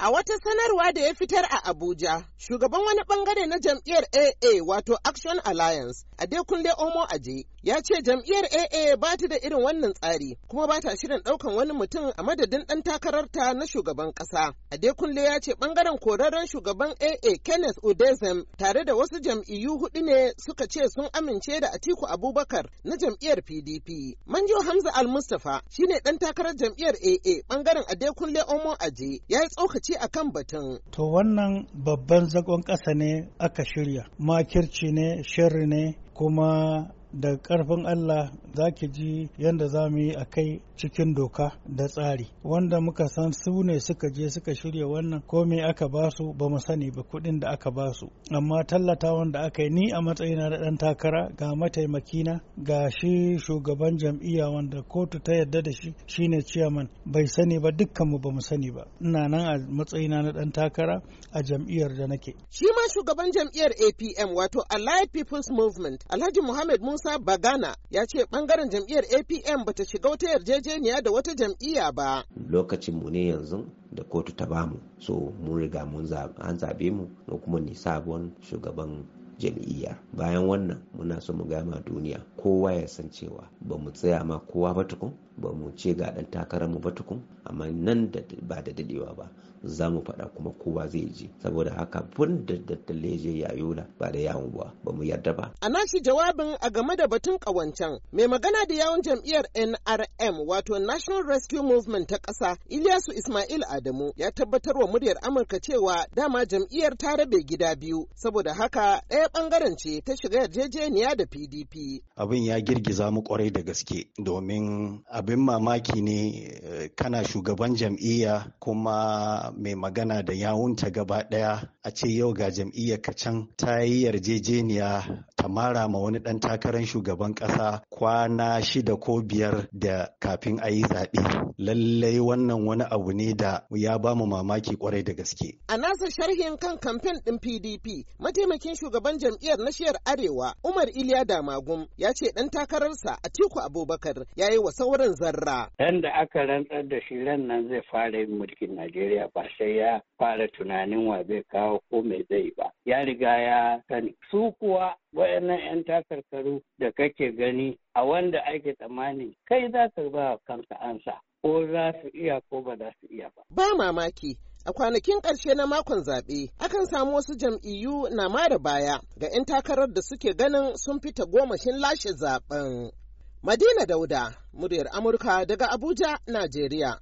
A wata sanarwa da ya fitar a Abuja, shugaban wani bangare na jam'iyyar AA wato Action Alliance, Adekunle Omo Aje, ya ce jam'iyyar AA ba ta da irin wannan tsari, kuma ba ta shirin ɗaukan wani mutum a madadin ɗan takararta na shugaban ƙasa. Adekunle ya ce bangaren korarren shugaban AA Kenneth Udezem tare da wasu jam'iyyu hudu ne suka ce sun amince da Atiku Abubakar na jam'iyyar PDP. Manjo Hamza Al-Mustapha shine ɗan takarar jam'iyyar AA bangaren Adekunle Omo Aje ya yi tsokaci tsokaci a kan batun. To wannan babban zagon ƙasa ne aka shirya, makirci ne, shirri ne, kuma da ƙarfin Allah za ki ji yadda za mu yi a kai cikin doka da tsari wanda muka san su ne suka je suka shirya wannan ko me aka ba su ba mu sani ba kuɗin da aka ba su amma tallata wanda aka yi ni a matsayina da ɗan takara ga mataimakina ga shi shugaban jam'iyya wanda kotu ta yarda da shi shine ciyaman bai sani ba dukkanmu ba mu sani ba ina nan a matsayina na ɗan takara a jam'iyyar da nake shi ma shugaban jam'iyyar APM wato Allied People's Movement Alhaji Muhammad Musa Musa Bagana ya ce bangaren jam'iyyar APM bata shiga wata yarjejeniya da wata jam'iyya ba. Lokacin mu ne yanzu da kotu ta bamu so mun riga mun an zabe mu kuma ni sabon shugaban jam'iyya bayan wannan muna so mu gama duniya kowa ya san cewa ba mu tsaya ma kowa ba tukun ba mu ce ga dan takarar mu ba tukun amma nan da ba da dadewa ba za mu faɗa kuma kowa zai ji saboda haka bun da ya je yola ba da yawon ba ba mu yarda ba a nashi jawabin a game da batun kawancan mai magana da yawon jam'iyyar NRM wato National Rescue Movement ta ƙasa Ilyasu Ismail Adamu ya tabbatar wa muryar Amurka cewa dama jam'iyyar ta rabe gida biyu saboda haka ɗaya bangaren ce ta shiga yarjejeniya da PDP. Abin ya girgiza mu kwarai da gaske domin abin mamaki ne eh, kana shugaban jam'iyya kuma mai magana da yawunta gaba ɗaya a ce yau ga jam'iyyar ka can ta yi yarjejeniya ta mara ma wani ɗan takarar shugaban ƙasa kwana shida ko biyar da kafin a yi zaɓe. Lallai wannan wani abu ne da ya ba mu mamaki kwarai da gaske. A nasa sharhin kan kamfen ɗin PDP, mataimakin shugaban jam'iyyar na nashiyar Arewa, Umar Iliya Damagum, ya ce ɗan takararsa a Tiku Abubakar ya yi wa sauran zarra. Ɗan da aka rantsar da shi ran nan zai fara yin mulkin Najeriya ba sai ya fara tunanin wa zai kawo ko mai zai ba. ya riga ya sani su kuwa waɗannan 'yan takarkaru da kake gani a wanda ake tsammani kai za ka ba kanka ansa ko za su iya ko ba za su iya ba. Ba mamaki a kwanakin ƙarshe na makon zaɓe akan samu wasu jam'iyyu na mara baya ga 'yan takarar da suke ganin sun fita gomashin lashe zaɓen. Madina Dauda, muryar Amurka daga Abuja, Najeriya.